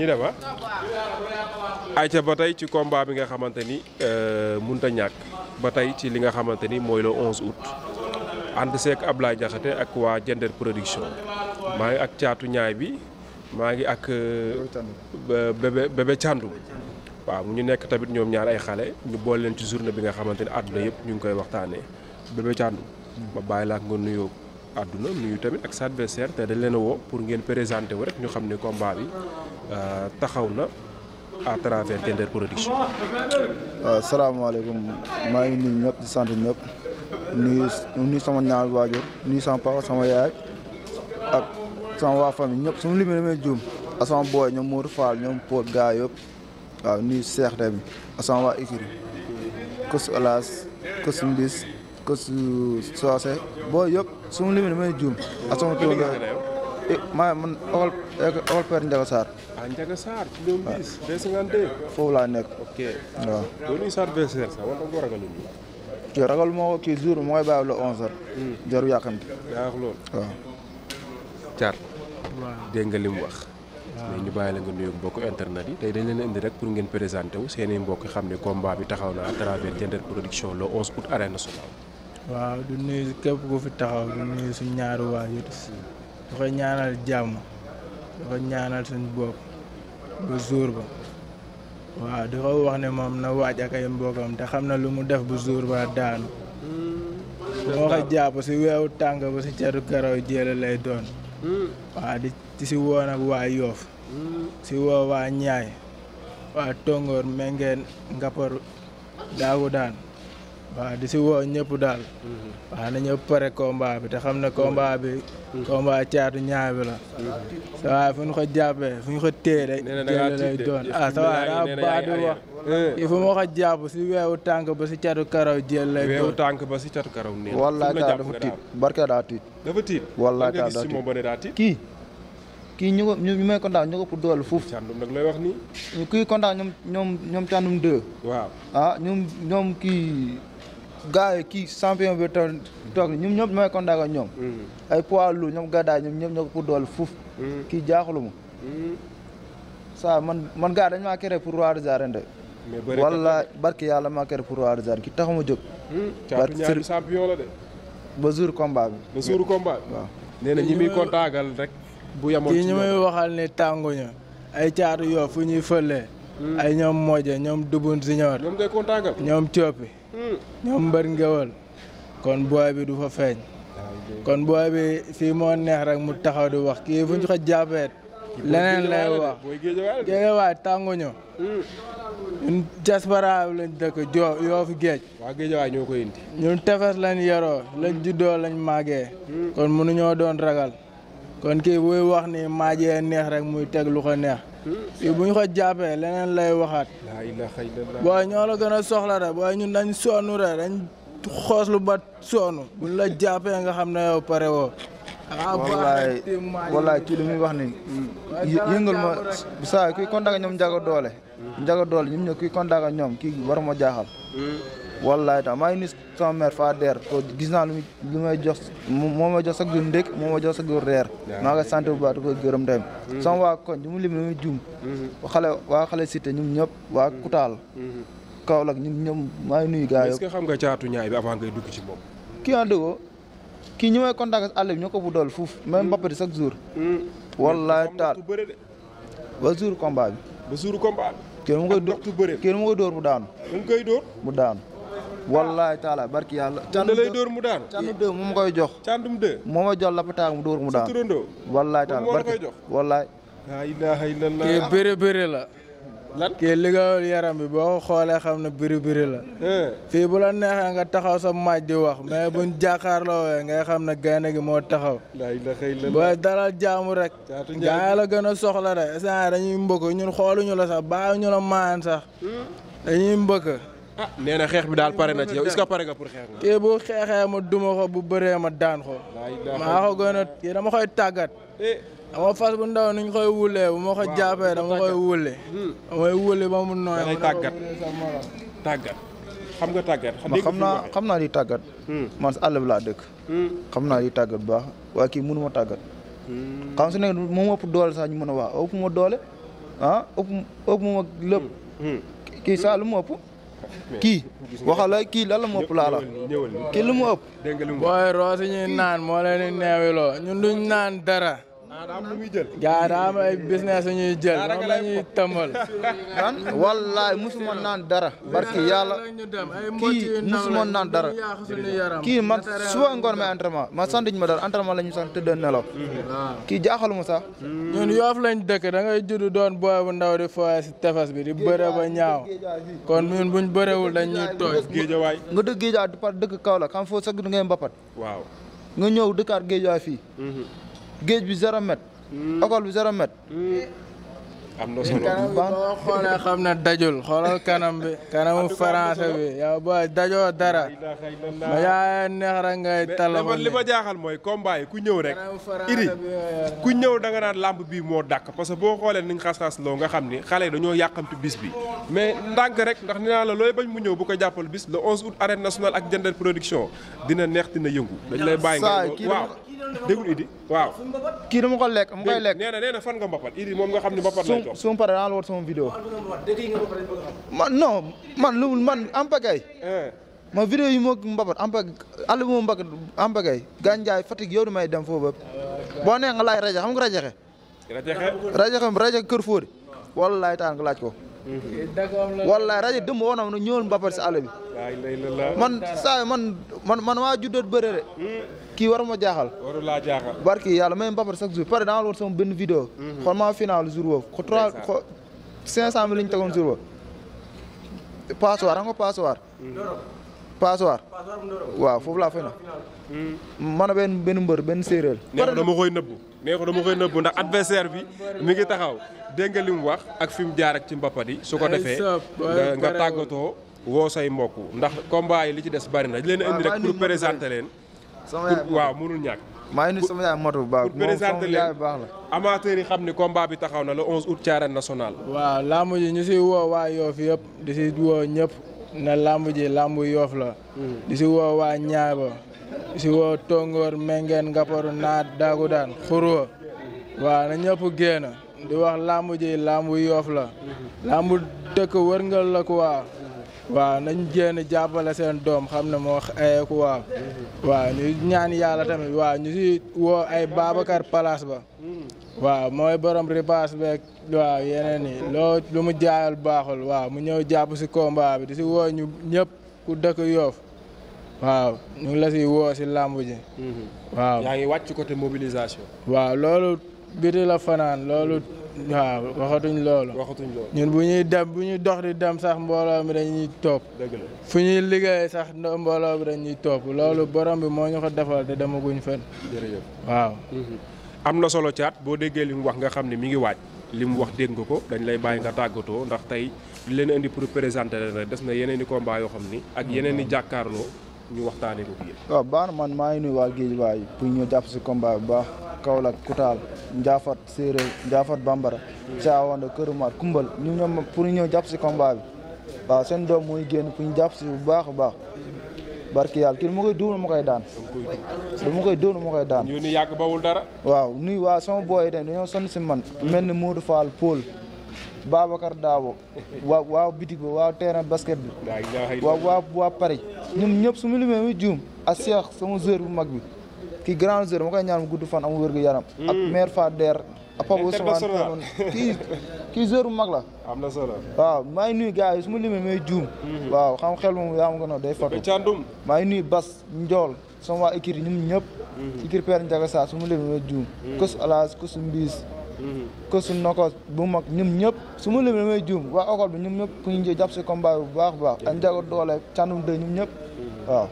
ñu dem ah ayca ba tey ci combat bi nga xamante ni euh, mënut a ñàkk ba tey ci li nga xamante ni mooy le 11 août ànd seek Ablaye Diakhaté ak waa Jender production maa ngi ak caatu ñaay bi maa ngi ak euh, bébé bébé Thiandoum waaw ñu nekk tamit ñoom ñaar ay xale ñu boole leen ci journée bi nga xamante ni àdduna yëpp ñu ngi koy waxtaanee bébé Thiandoum ma bàyyi la ak nga nuyoo. àdduna nuyu tamit ak sa adversaire te dañ leen woo pour ngeen présenté wu rek ñu xam ne combat bi euh, taxaw na à travers Tender Production. waaw euh, salaamaaleykum maa ngi nuyu ñëpp di sant ñëpp nuyu nuyu sama ñaar waajur nuyu sama papa sama yaay ak sama waa famille ñëpp suñu limee damay juum ak sama booy ñoom Mourou Fall ñoom Pod gaa yëpp waaw nuyu seex ak sama waa Ikiri Kos Alas Kos Mbis Kosu Soase boo yëpp su ma limee damay juum. ak sama tur eh, maa man Okal eh, Okal Père Ndiaga Sarr. ah foofu laa nekk. ok waaw. doo nuyu Sarr sax ragal kii ragal moo ko kii jour mooy bàyyi la 11h. Hmm. jaru yàkkamti. yaa wax loolu waaw. li mu wax. mais ñu bàyyi la nga nuyu mbokku internet yi tey dañ leen indi rek pour ngeen présenté wu seen mbokk xam ne combat bi taxaw na à travers Diender production le 11 août arène nationale. waaw du nuyu képp ku fi taxaw du nuyu suñ ñaari waajur du ko ñaanal jàmm du ko ñaanal suñ bopp ba jour ba waaw di ko wax ne moom na waaj ak ay mbokkam te xam na lu mu def bu jour ba daanu hmm. moo ko jàpp si weewu tàng ba si catu karaw jéele lay doon hmm. waaw di si woon ak waa yoof hmm. si woo waa ñaay waa tongoor mengeen ngapparu daagu daan waaw di si woo ñëpp daal. Mm-hmm. waaw na ñëpp pare combat bi te xam ne combat bi. Mm-hmm. combat caatu ñaabi la. sa mm-hmm. fu ñu ko jàppee fu ñu ko téye rek. jël lay doon ah sa waay daa baadu wax. il faut moo ko jàpp si weewu tànk ba si catu karaw jël lay doon. weewu tànk si catu karaw nee wallaay taa dafa tiit barke daa tiit. dafa tiit wallaay taa daa tiit kii. kii ñu may kontaan ñu ko pour doole foofu. kii kontaan ñoom ñoom ñoom gars yi kii champion bi toog toog ñoom ñëpp may kontaan ak ñoom. Mm. ay poids lu ñoom gàddaay ñoom ñëpp ñoo ko pour doole fuuf. Mm. kii saa mm. man man gars dañ maa kéré pour roi des arènes de. mais yàlla maa kéré pour roi des arènes ki jóg. ba jour combat bi. ba jour combat bi waaw. nee na ñi rek. bu yemoon ci ñi muy waxal ne tànguñu ay caatu yoo ñuy fëlee. Hmm. ay ñoom Modja ñoom Dubun Junior. ñoom ngay kontaan ñoom Thiopi. Hmm. ñoom Mbër Ngewal. kon booy bi du fa feeñ. kon booy bi fii moo neex rek mu taxaw di wax kii fu ñu ko jàppee. leneen lay wax géejawaay tànguñu. Hmm. ñun jaspara lañ dëkk joo yoo fi géej. waa géejawaay ñoo ko indi. ñun tefes lañ yaroo lañ juddoo lañ màggee. kon mënuñoo doon ragal. kon kii buy wax ni maajee neex rek muy teg lu ko neex. fii bu ñu ko jàppee leneen lay waxaat. waaye ñoo la gën a soxla rek waaye ñun dañ sonn rek dañ xooslu ba sonn buñ la jàppee nga xam ne yow pare woo. Ah, wallaay wallaay kii li muy wax ni yëngal ma saa kuy kontaan ak ñoom njaga doole njaga doole ñun ñoo kuy kontaan ak ñoom kii war ma jaaxal hmm. wallaay tam maa ngi nuyu sama mère Fade Der gis naa lu lu may jox moo may jox sax du ndékk moo may jox sax du reer. maa ngi koy sant bu baax ko gërëm tamit. Mm-hmm. waa koñ ñu mu lim lu muy juum. Mm-hmm. xale waa xale cité ñun ñëpp waa mm-hmm. Kutaal. Kaolack ñun ñëpp maa ngi nuyu gars yi. est-ce que xam nga caatu ñaay bi avant ngay dugg kii ñu may contact àll bi ko bu dool fuuf même mbappati chaque jour. wallaay taal ba jour combat bi. ba jour combat bi. kenn mu koy door door bu daanu. mu koy door bu daanu. wallaay taala barki yàlla. cànn da lay dóor mu daanu. moom koy jox. càndum deux moom a jox lapataan mu dóor mu daanu. turandoo wallaay taala barki wallaay. laa ilaaha illallah. la. lan kii liggéeyul yaram bi boo ko xoolee xam ne biri biri la. fi bu neexee nga taxaw sa maaj di wax mais buñ jàkkaarloo ngay xam ne gaynde gi moo taxaw. booy dalal jaamu rek. gaa la gën a soxla rek instant dañuy mbëkk ñun xooluñu la sax baaxuñu la maan sax. Hmm? dañuy mbëkk. ah nee na xeex bi daal pare na ci yow est-ce pare nga pour xeex nga. kii bu xeexee ma duma ko bu bëree ma daan ko. maa ko gën a kii dama koy tàggat. Eh. dama fas bu ndaw koy wulee bu ma ko hmm. xam nga tàggat. xam naa xam naa di tàggat. Hmm. man si àll bi dëkk. Hmm. xam naa di tàggat bu waaye kii mënu ma tàggat. xam su ne moom ëpp doole sax ñu mën a wax ëpp doole ah ëpp ëpp ma lépp. kii saa ëpp. kii waxal la kii lan la mu ëpp la kii lu mu ëpp. booy roose ñuy naan moo leen di naan dara. gaa daa am ay business ñuy jël moom la ñuy tëmbal. wallaay musuma naan dara. barki yàlla kii musuma naan dara. kii man suba ngoon may entraînement man ma dara entraînement la ñu sant tëdd nelaw. kii jaaxaluma sax. ñun yoof lañ dëkk da ngay judd doon booy bu ndaw di fooy si tefes bi di bëre ba ñaaw kon ñun buñ bërewul dañ ñuy tooy. nga dëkk géejawaay par dëkk Kaolack xam foo sax du ngay mbapat. waaw nga ñëw dëkkaat a fii. Mhm. géej bi zéro mètre. Hmm. école bi zéro hmm. na solo xam ne dajul xoolal kanam bi kanamu français bi yow booy dajoo dara. ma yaa neex rek ngay talamoon li ma jaaxal mooy combat yi ku ñëw rek. iri ku ñëw da nga naan làmb bii moo dàkk parce que boo xoolee niñ xas-xas loo nga xam ni xale yi dañoo yàqamtu bis bi. mais ndànk rek ndax nee naa la looy bañ mu ñëw bu ko jàppal bis le 11 août arène nationale ak Diender production dina neex dina yëngu. dañ lay bàyyi nga waaw. déglu Idi waaw. kii dama ko lekk mu koy lekk. moom nga xam ne mbapat lay toog. su ma naa war sama vidéo. man non man lu eh. ma vidéo yi moo mbapat ampag àll bi moom mbapat ampagay. gànjaay Fatick yow damay dem foofu boo nee nga laaj rajo xam nga raja rajaxe rajaxe rajaxe kër Fodé. wala laay taan nga laaj ko. wallaay rajo dëmb woon na ñëwal mbapat si àll bi man saa man man man maa juddoot bëre kii war ma jaaxal waru laa jaaxal barki yàlla may mbapat chaque jour pare dama woon sama benn vidéo mhm. xool maa final jour boobu ko trois ko cinq cent mille li ñu tegoon jour boobu passoir xam nga passoir waaw foofu laa fay na hmm. man a benn benn mbër benn séeréer nee dama koy nëbbu nee ko dama koy nëbbu ndax adversaire bi mi ngi taxaw dégg nga li mu wax ak fi mu jaar ak ci mbappat yi su ko defee nga tàggatoo woo say mbokk ndax combat yi li ci des bari na leen indi rek pour présenter leen waaw mënul ñàkk maa ngi nuyu sama yaay moto bu baax pour présenter leen amateur yi xam ne combat bi taxaw na le 11 août ci arène nationale waaw laamu ji ñu siy woo waa Yoff yëpp di si woo ñëpp na làmb ji làmb yoof la di si woo waa ñaaba di si woo tongoor mengeen ngaparu naat daagu daan xurwa waaw na ñëpp génn di wax làmb ji làmb yoof la làmb dëkk wërngal la ko waa waaw nañ génn seen doom xam na moo ayeeku waaw waaw ñu ñaan yàlla tamit waaw ñu si woo ay Babacar Palaas ba waaw mooy borom ripaas beeg waaw yeneen yi loo lu mu jaayal baaxul waaw mu ñëw jàpp si combat bi di si woo ñu ñëpp ku dëkk yoof waaw ñu ngi la si woo si làmb ji. Mm-hmm. waaw ngi wàcc côté mobilisation. waaw loolu biti la fanaan loolu. waaw waxatuñ loolu. waxatuñ loolu ñun bu ñuy dem bu ñuy dox di dem sax mbooloo mi dañuy topp. dëgg la fu ñuy liggéey sax mbooloo mi dañuy topp loolu borom bi moo ñu ko defal te demaguñ fen jërëjëf waaw. Mm-hmm. am na solo caat boo déggee li mu wax nga xam ne mi ngi waaj li mu wax dégg nga ko dañ lay bàyyi nga tàggatoo ndax tey leneen leen indi pour présenter leen des na yeneen i combat yoo xam ni ak yeneen i jàkkaarloo ñu waxtaanee ko biir. waaw baax man maa ngi nuyu waa Guédiawaye pour ñu jàpp si combat bu baax Kaolack Koutal Ndiaffate Séeréer Ndiaffate Bambara. Thiawanda Kër Mar Kumbal ñu ñoom pour ñu ñëw jàpp si combat bi waaw seen doom mooy génn pour ñu jàpp si bu baax a baax. barki yàlla kii lu ma koy dóor ma koy daan lu ma koy dóor ma koy daan ñu ni yàgg bawul dara waaw nuy waa sama booy dem dañoo sonn si man mel ni Modou Fall Paul Babacar Daabo waa waa bitig ba waa terrain basket bi waa waa waa Paris ñoom ñëpp ma limee muy juum ak Cheikh sama joueur bu mag bi kii grand joueur ma koy ñaan mu gudd fan am wér gu yaram ak maire mm. Fader Papa Ousmane kii kii joueur bu mag la. am na solo waaw maa ngi nuyu gars yi su ma limee may juum. Mhm. waaw xam xel moom yaa ma noonu day fàttu. maa ngi nuyu Bas Ndiol sama waa équipe yi ñun ñëpp. équipe mhm. Père Ndiaga Sarr su ma limee may juum. Mhm. kës Alaas kës Mbiis. kës Nokos bu mag ñun ñëpp. su ma limee may juum waa Okol bi ñun ñëpp ku ñu jàpp si combat bu baax a baax. ak Ndiago Doole Thiandoum 2 ñun ñëpp waaw.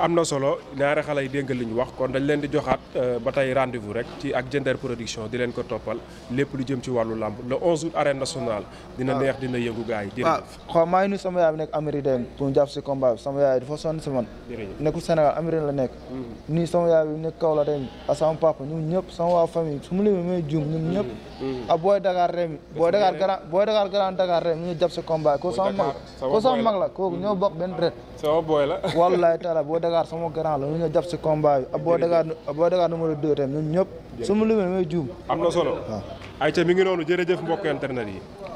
amna solo ñaara xale yi dégg li wax kon dañ leen di joxat euh, ba tey rendez-vous rek ci ak gender production di leen ko topal lepp lu jëm ci walu lamb le 11 août arène nationale. dina neex dina yëngu gaay di waaw xaw maa ñu sama yaay nek amiri dem bu ñu jàpp ci combat sama yaay dafa son ci man. jërëjëf nekkul Sénégal amiri la nek mm-hmm. ni sama yaay bi nek kaw la dem a sama papa ñu ñëpp sama wa famille su ma may juum ñoom ñëpp. Mm-hmm. a boy Dakar rem boy Dakar grand boy Dakar grand Dakar rem ñu jàpp ci combat ko sama ko sama mag la ko ñoo bok ben dret sama booy la. wallaay taala boo Dakar sama grand la ñu ngi jàpp si combat bi ak boo Dakar boo Dakar numéro 2 tam ñëpp. jërëjëf su ma limee juum. am na solo. waaw ah. ayca ngi noonu jërëjëf mbokk internet yi.